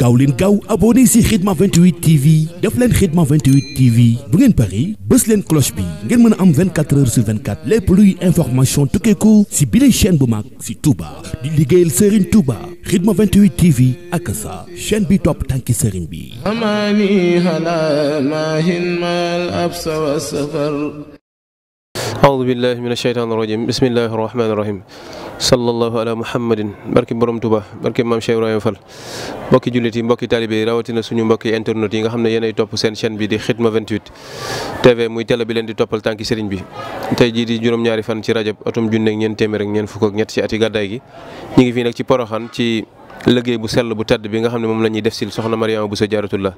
gaaw leen gaaw abonné si Khidma 28 TV def leen Khidma 28 TV bu ngeen pari bës leen cloche bi ngeen mën a am 24 heures sur 24 lépp luy information tukkeeku si bile chaîne bu mag si Touba di liggéeyal Serigne Touba Khidma 28 TV ak sa chaîne bi topp tànki Serigne bi. أعوذ بالله من الشيطان الرجيم بسم الله الرحمن الرحيم sallallahu ala muhammadin barki borom Touba barki maam Cheikh Ibrahima Fall mbokki jullit yi mbokki taalibe yi rawatina suñu mbokki internet yi nga xam ne yéenay topp seen chaîne bi di Khidma 28 TV muy télé bi leen di toppal tànki sëriñ bi. tey jii di juróom-ñaari fan ci rajab atum junne ak ñeent téeméer ak ñeent fukk ak ci ati gàddaay gi ñu ngi fii nag ci Poroxaan ci. liggéey bu sell bu tedd bi nga xam ne moom la ñuy def sil soxna Mariama Bousso Diarratullah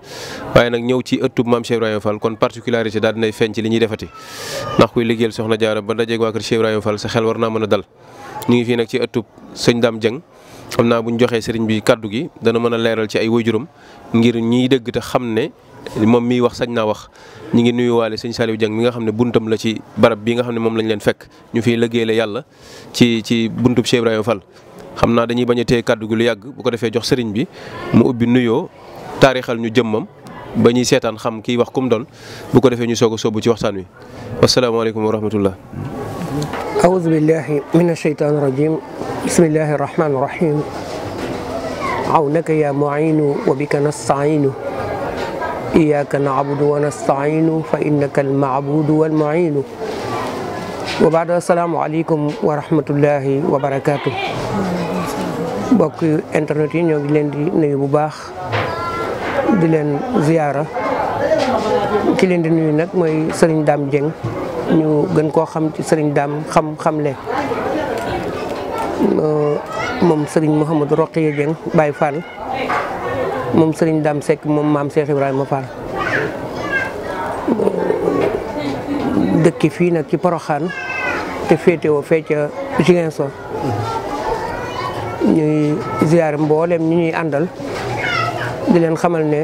waaye nag ñëw ci ëttub maam Cheikh Ibrahima Fall kon particularité daal dinay feeñ ci li ñuy defati ndax kuy liggéeyal soxna jaara ba dajeeg waa kër Cheikh Ibrahima sa xel war naa mën a dal ñu ngi fii nag ci ëttub sëñ Dame jëng xam naa bu ñu joxee sëriñ bi kàddu gi dana mën a leeral ci ay waajuram ngir ñiy dëgg te xam ne moom miy wax sañ naa wax ñi ngi nuyuwaale sëñ Saliou jëng bi nga xam ne buntam la ci barab bi nga xam ne moom lañ leen fekk ñu fiy liggéeyale yàlla ci ci buntub Cheikh Ibrahima Fall. xam naa dañuy bañ a téye kàddu gi lu yàgg bu ko defee jox sëriñ bi mu ubbi nuyoo taarixal ñu jëmmam ba ñuy seetaan xam kiy wax kum doon bu ko defee ñu soog a sóobu ci waxtaan wi wasalaamaaleykum wa rahmatullah أعوذ بالله من الشيطان الرجيم بسم الله الرحمن الرحيم عونك يا معين وبك نستعين إياك نعبد ونستعين فإنك المعبود والمعين وبعد السلام عليكم ورحمة الله وبركاته mbokk internet yi ñoo ngi leen di nuyu bu baax di leen ziyaara ki leen di nuyu nag mooy Serigne Dame Dieng ñu gën koo xam ci sëriñ daam xam xam xamle moom sëriñ Mouhamadou Roqiya Dieng Baye Fall moom sëriñ daam Seck moom maam Cheikh Ibrahima Fall dëkki fii nag ci Poroxaan te féetewoo fee ca Ziguinchor ñuy ziar mbooleem ñu ñuy àndal di leen xamal ne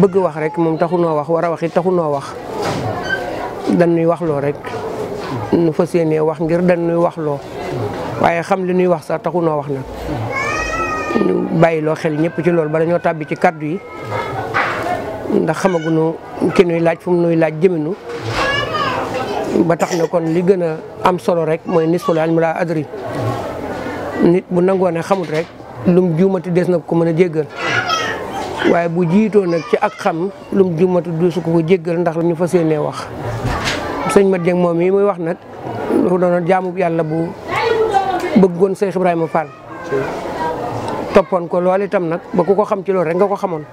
bëgg wax rek moom taxu noo wax war a wax it taxu noo wax dañuy wax loo rek nu fa yéenee wax ngir nuy wax loo waaye xam li ñuy wax sax taxu noo wax nag ñu bàyyi loo xel ñëpp ci loolu ba dañoo tàbbi ci kàddu yi ndax xamaguñu ki nuy laaj fu mu nuy laaj jëminu ba tax na kon li gën a am solo rek mooy nisful ilmi laa adri nit bu nangoo ne xamut rek lum juumati des na ko mën a jéggal waaye bu jiitoo nag ci ak xam lum juumati du su ko jéggal ndax lu ñu fa yéenee wax sëñ ma Dieng moom yi muy wax nag dafa doonoon jaamu yàlla bu bëggoon Cheikh Ibrahima Fall toppoon ko lool itam nag ba ku ko xam ci loolu rek nga ko xamoon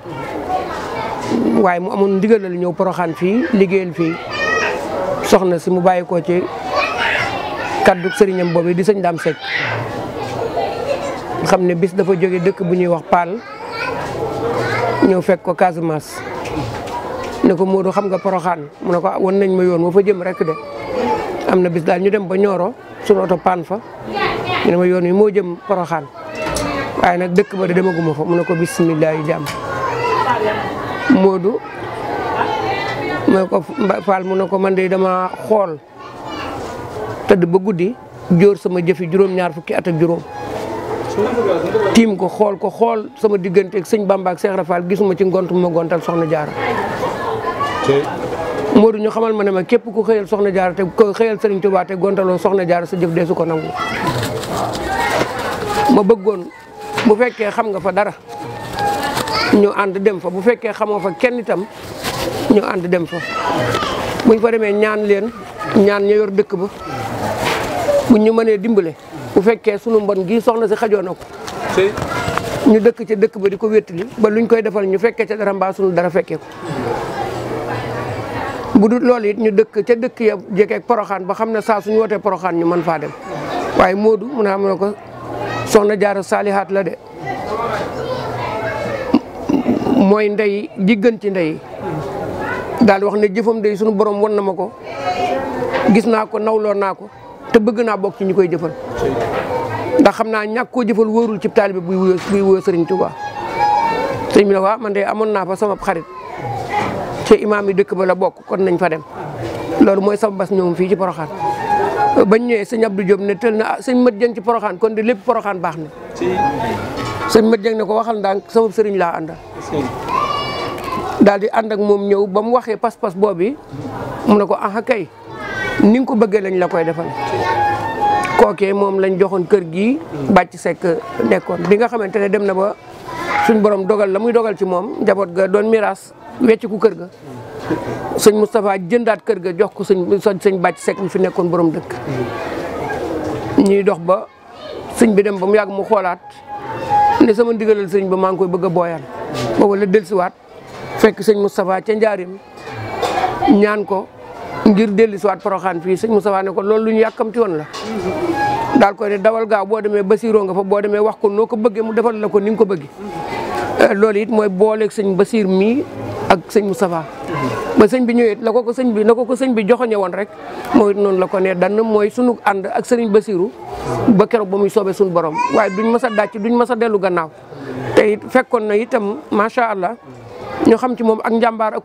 waaye mu amoon ndigalal ñëw poroxaan fii liggéeyal fii soxna si mu bàyyi ko ci kaddu sëriñam boobu di sëñ Dame Seck xam ne bis dafa jóge dëkk bu ñuy wax Paal ñëw fekk ko Casamance ne ko Modou xam nga Porokhane mu ne ko ah, won nañ ma yoon ma fa jëm rek de am na bis daal ñu dem ba ñoro suñu oto paan fa ñu ne ma yoon wi moo jëm poroxaan waaye nag dëkk ba demaguma fa mun ne ko bisimilah yi jàmm Modou mu ne ko Fall mu ne ko man de dama xool tëdd ba guddi jóor sama jëfi juróom-ñaar fukki at ak juróom tiim ko xool ko xool sama diggante ak sëñ Bamba ak Seex Rafal gisuma ci ngont ma gontal soxna Jaara moo du ñu xamal ma ne ma képp ku xëyal soxna jaar te ko xëyal Serigne Touba te gontaloo soxna jaar sa jëf deesu ko nangu ma bëggoon bu fekkee xam nga fa dara ñu ànd dem fa bu fekkee xamoo fa kenn itam ñu ànd dem fa buñ fa demee ñaan leen ñaan ña yor dëkk ba bu ñu mënee dimbale bu fekkee sunu mbon gi soxna si xajoo na ko ñu dëkk ca dëkk ba di ko wéttali ba luñ koy defal ñu fekkee ca dara mbaa sunu dara fekkee ko bu dul loolu it ñu dëkk ca dëkk ya jegeeg poroxaan ba xam ne saa suñu wootee poroxaan ñu man faa dem waaye Modou mu naa ne ko soxna jaara saalihaat la de mooy ndey ji gën ci ndey daal wax ne jëfam day suñu borom won na ma ko gis naa ko nawloo naa ko te bëgg naa bokk ci ñu koy jëfal ndax xam naa ñàkk koo jëfal wóorul ci taalibe buy wuyoo buy wuyoo Sëriñ Tuubaa sëñ ah, man de amoon naa fa sama xarit ce imaam yi dëkk ba la bokk kon nañ fa dem loolu mooy sama bas ñoom fii ci Poroxaan bañ ñëwee sëñ Abdou Diop ne tël na ah, sëñ mët Jeng ci Poroxaan kon di lépp Poroxaan baax na sëñ Mat Jeng ne ko waxal ndànk sama sëriñ laa àndal daal di ànd ak moom ñëw ba mu waxee pas-pas boobu mu ne ko ah kay ni ko bëggee lañ la koy defal kookee moom lañ joxoon kër gi bàcc sekk nekkoon bi nga xamante ne dem na ba suñ borom dogal la muy dogal ci moom njaboot ga doon miraas wecc ku kër ga sëñ Moustapha jëndaat kër ga jox ko sëñ sëñ bàcc Seck mi fi nekkoon borom dëkk ñuy dox ba sëñ bi dem ba mu yàgg mu xoolaat ne sama ndigalal sëñ ba maa ngi koy bëgg a booyal booba la dellusiwaat fekk sëñ Moustapha ca njaarim ñaan ko ngir dellusiwaat Poroxaan fii sëñ Moustapha ne ko loolu lu ñu yàkkamti woon la daal koy ne dawal gaaw boo demee Basiiroo nga fa boo demee wax ko noo ko bëggee mu defal la ko ni ko bëggee euh, loolu it mooy booleek sëñ Basiir mii ak sëñ Moustapha ba sëñ bi ñëwee la ko ko sëñ bi na ko ko sëñ bi joxoñe woon rek mooy noonu la ko ne dann mooy sunu ànd ak sëriñ Basiiru ba keroog ba muy soobee suñu borom waaye duñ mës a dàcc duñ mës a dellu gannaaw te it fekkoon na itam macha allah ñu xam ci moom ak njàmbaar ak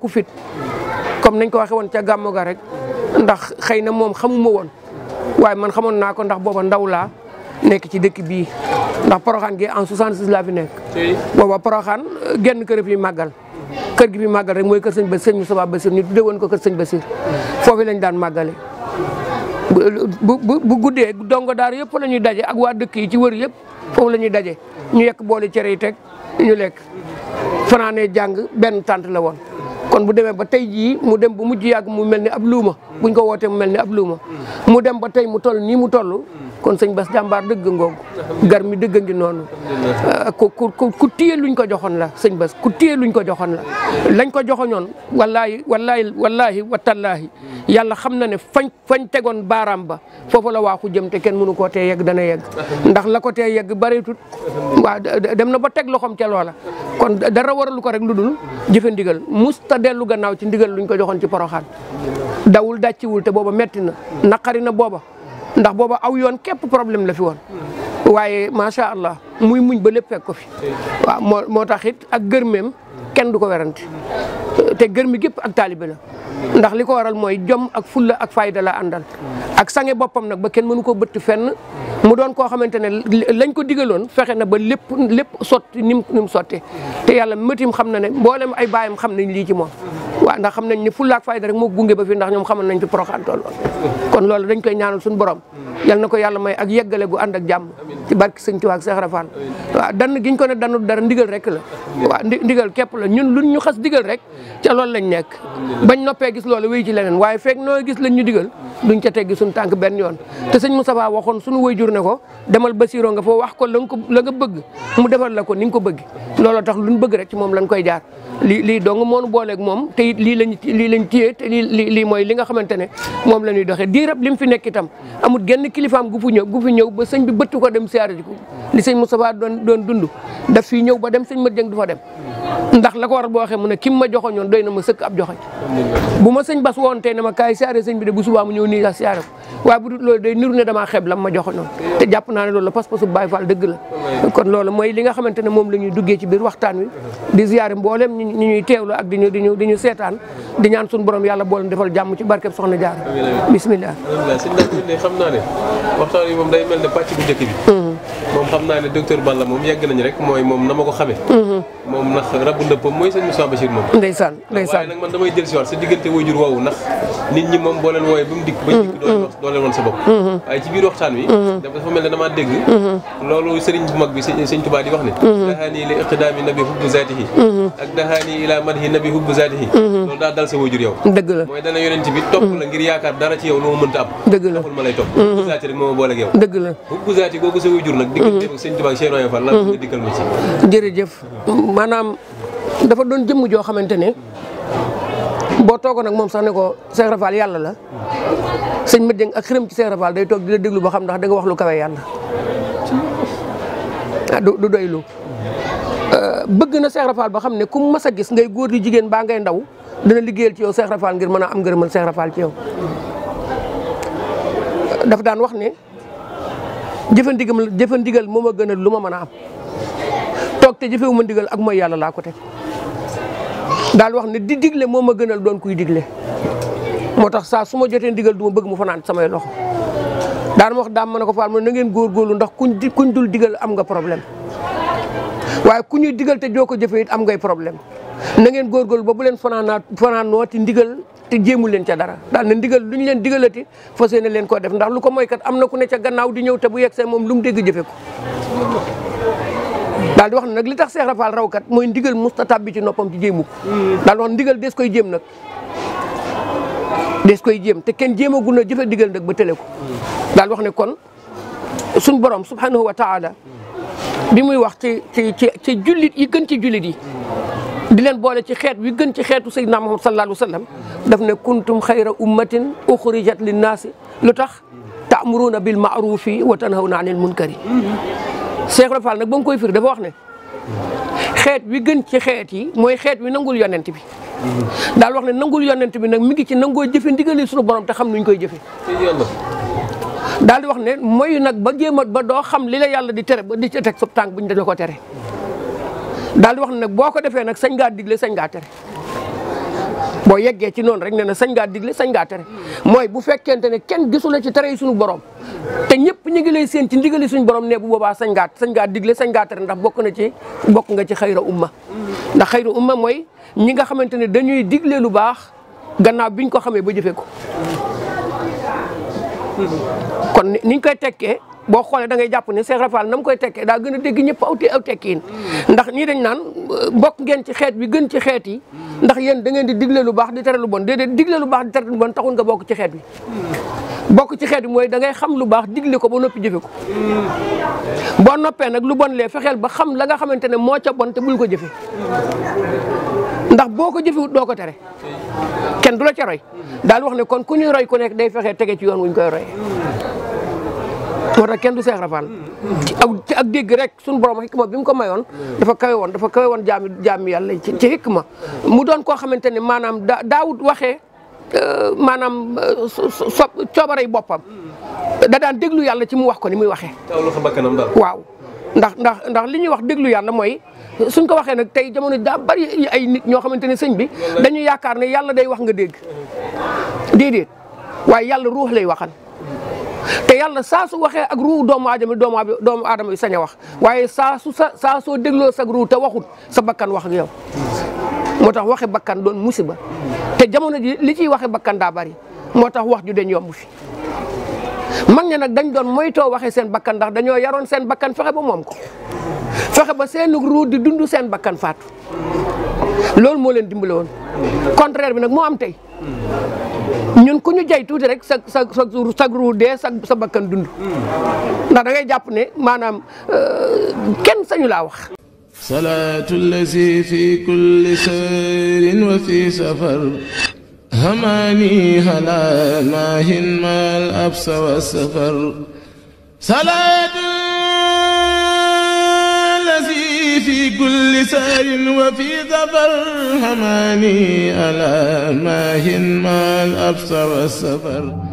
comme nañ ko waxee woon ca gàmmo ga rek ndax xëy na moom xamuma woon waaye man xamoon naa ko ndax booba ndaw laa nekk ci dëkk bii ndax Poroxaan gi en 66 la fi nekk. booba Poroxaan genn kër fi màggal. kër gi fi màggal rek mooy kër sëñ ba sëñ Moustapha Bassirou ñu tuddee woon ko kër sëñ Bassirou foofu lañ daan màggale. bu guddee dongo daar yëpp lañuy daje ak waa dëkk yi ci wër yëpp foofu la ñuy daje ñu yekk boole cere yi teg ñu lekk fanaanee jàng benn tànt la woon. kon bu demee ba tey jii mu dem ba mujj yàgg mu mel ni ab luuma buñ ko wootee mu mel ni ab luuma mu dem ba tey mu toll nii mu toll kon sëñ Bass jàmbaar dëgg ngoog gar mi dëgg ngi noonu ku ku ku téye luñ ko joxoon la sëñ Bass ku téye luñ ko joxoon la lañ ko joxoñoon wallaahi wallaahi wallaahi watallaahi yàlla xam na ne fañ fañ tegoon baaraam ba foofu la waaxu jëm te kenn mënu koo te yegg dana yegg ndax la ko tee yegg bareetut waaw dem na ba teg loxoom ca loola kon dara waralu ko rek lu dul jëfe ndigal musta dellu gannaaw ci ndigal luñ ko joxoon ci poroxaan dawul dàcciwul te booba metti na naqari na booba ndax boobu aw yoon képp problème la fi woon waaye macha allah muy muñ ba lépp fekk ko fi waaw moo moo tax it ak gërmeem kenn du ko werante te gërmi gépp ak taalibe la ndax li ko waral mooy jom ak fulla ak fayda la àndal ak sange boppam nag ba kenn mënu ko bëtt fenn mu doon koo xamante ne lañ ko digaloon fexe na ba lépp lépp sotti ni mu ni te yàlla métim xam na ne mboolem ay baayam xam nañ lii ci moom waaw ndax xam nañ ne fulla ak fayda rek moo gunge ba fii ndax ñoom xamoon nañ fi Porokhane toll kon loolu dañ koy ñaanal suñu borom yal na ko yàlla may ak yeggale gu ànd ak jàmm ci barke sëñ ko ne danul dara ndigal rek la waaw ndigal képp la ñun luñ ñu xas digal rek ca loolu lañ nekk bañ noppee gis loolu wéy ci leneen waaye feek noo gis lañ ñu digal duñ ca teggi suñ tànk benn yoon te sëñ Moustapha waxoon suñu wayjur ne ko demal Basiro nga fa wax ko la nga la nga bëgg mu defal la ko ni ko bëgg looloo tax luñ bëgg rek ci moom lañ koy jaar it lii lañ lii lañ lii mooy li nga xamante ne moom la ñuy doxee diirab lim fi nekk itam amul genn kilifaam gu fi ñëw gu fi ñëw ba sëñ bi bëtt ko dem siyaare ji ko li sëñ Moustapha doon doon dund daf fi ñëw ba dem sëñ ma Jëng du fa dem ndax la ko war boo waxee mu ne kim ma joxoñoon doy na ma sëkk ab joxoñ bu ma sëñ bas woon tey ne ma kaay siyaare sëñ bi de bu subaa mu ñëw nii sax siyaare ko waaye ne damaa xeeb ma joxoñoon naa ne loolu la pas-pasu Baay Faal li nga xamante ne moom la ñuy duggee ci biir waxtaan wi di siyaare mbooleem ñu ñuy teewlu ak di ñu di ñu di seetaan di ñaan suñu borom yàlla boole defal jàmm ci barkeb soxna Jaara bismillah xam yi moom day mel ne pàcc bu njëkk bi mm-hmm. moom mooy moom na ma ko xamee mhm. moom ndax rabu ndëppam mooy sëñ Moussa Bachir moom ndeysaan ah, ndeysaan waaye nag man damay dellu si waat sa diggante waajur woowu ndax nit ñi moom boo leen wooyee mhm. mhm. bu mag rek moo ma yow dëgg la hubbu zaati sa waajur nag diggante ak sëñ Tuubaa Cheikh Ibrahima Fall la nga dikkal ma ci jërëjëf maanaam dafa doon jëmm joo xamante ne boo toogoon ak moom sax ne ko Cheikh yàlla la sëñ ma Dieng ak xërëm ci Cheikh Rafal day toog di la déglu ba xam ndax da nga wax lu kawe yàlla ah du du doylu euh, bëgg na Cheikh Rafal ba xam ne ku mas a gis ngay góor di jigéen baa ngay ndaw dina liggéeyal ci yow Cheikh ngir mën a am ngërëmal Cheikh Rafal ci yow dafa daan wax ne jëfandigal jëfandigal moo ma gënal lu ma mën a am toog te jëfewu ma ndigal ak mooy yàlla laa ko teg daal wax ne di digle moo ma gënal doon kuy digle moo tax saa su ma jotee ndigal du ma bëgg mu fanaan samay loxo daan ma wax daam ma ne ko faal ma na ngeen góorgóorlu ndax kuñ kuñ dul digal am nga problème waaye ku ñuy digal te joo ko jëfee am ngay problème na ngeen góorgóorlu ba bu leen fanaanaat fanaanooti ndigal te jéemu leen ca dara daal ne ndigal lu ñu leen digalati fas yéene leen koo def ndax lu ko mooy kat am na ku ne ca gannaaw di ñëw te bu yegg yegsee moom lu mu dégg jëfe ko daal di wax ne nag li tax Cheikh Rafal rawkat mooy ndigal mustatab bi ci noppam ci jéem mukk daal di wax ndigal des koy jéem nag des koy jéem te kenn jéemagul na jëfe ndigal ba tële ko daal di wax ne kon suñ borom subhanahu wa taala bi muy wax ci ci ci ci yi gën ci julli yi di leen boole ci xeet wi gën ci xeetu sayyidina Muhammad sallallahu alayhi wa sallam daf ne kuntum xayra ummatin uxrijat linnaasi lu tax ta'muruuna bil ma'ruufi wa tanhawna anil munkari Cheikh Ibra nag ba nga koy firi dafa wax ne xeet wi gën ci xeet yi mooy xeet wi nangul yonent bi daal wax ne nangul yonent bi nag mi ngi ci nangoo jëfe ndigali sunu borom te xam nuñ koy jëfe daal di wax ne mooy nag ba jéem ba doo xam li la yàlla di tere ba di ci teg sub tànk buñ dañ ko tere daal di wax ne nag boo ko defee nag sañ ngaa digle sañ ngaa tere boo yeggee ci noonu rek ne na sañ ngaa digle sañ ngaa tere mooy bu fekkente ne kenn gisu la ci tere yi suñu borom te ñëpp ñu ngi lay séen ci yi suñu borom ne bu boobaa sañ ngaa sañ ngaa digle sañ ngaa tere ndax bokk na ci bokk nga ci xayra umma ndax xayra umma mooy ñi nga xamante ne dañuy digle lu baax gannaaw biñ ko xamee ba jëfee ko kon niñ koy tekkee boo xoolee da ngay jàpp ne Cheikh Rafal na mu koy tekkee daa gën a dégg ñëpp aw te aw tekkiin ndax ñii dañ naan bokk ngeen ci xeet bi gën ci xeet yi ndax yéen da ngeen di digle lu baax di tere lu bon déedéet digle lu baax di tere lu bon taxul nga bokk ci xeet bi bokk ci xeet bi mooy da ngay xam lu baax digle ko ba noppi jëfe ko boo noppee nag lu bon lee fexeel ba xam la nga xamante ne moo ca bon te bul ko jëfe ndax boo ko jëfewut doo ko tere kenn du la ca roy daal wax ne kon ku ñuy roy ku nekk day fexee tege ci yoon wuñ koy roy moo tax kenn du Seex Rafal ci ak ci dégg rek suñu borom xikma bi ma ko mayoon dafa kawe woon dafa kawe woon jaami jaami yàlla ci ci xikma mu doon koo xamante ne maanaam da daawut waxee euh, maanaam euh, so coobarey boppam da daan déglu yàlla ci mu wax ko ni muy waxee waaw ndax ndax ndax li ñuy wax déglu yàlla mooy suñ ko waxee nag tey jamono daa bari ay nit ñoo xamante ne sëñ bi dañu yaakaar ne yàlla day wax nga dégg déedéet waaye yàlla ruux lay waxal te yàlla saa su waxee ak ruu doomu aadama doomu doomu aadama bi sañ wax waaye saa su sa saa soo dégloo sa ruu te waxut sa bakkan wax ak moo tax waxee bakkan doon musiba te jamono ji li ciy waxee bakkan daa bari moo tax wax ju dañ yombu fi mag ña nag dañ doon moytoo waxee seen bakkan ndax dañoo yaroon seen bakkan fexe ba moom ko fexe ba seen ruu di dund seen bakkan faatu loolu moo leen dimbale woon contraire bi nag moo am tey ku ñu jay tuuti rek sa sa sa sa ruu dee sa sa bakkan dund. ndax da ngay jàpp ne maanaam euh, kenn sañu laa wax. salaatu lazi fi kulli sayrin wa fi safar hamani halal maahin mal absa wa safar salaatu في كل سهر وفي ظفر هماني ألا ماهن ما الأبصر والسفر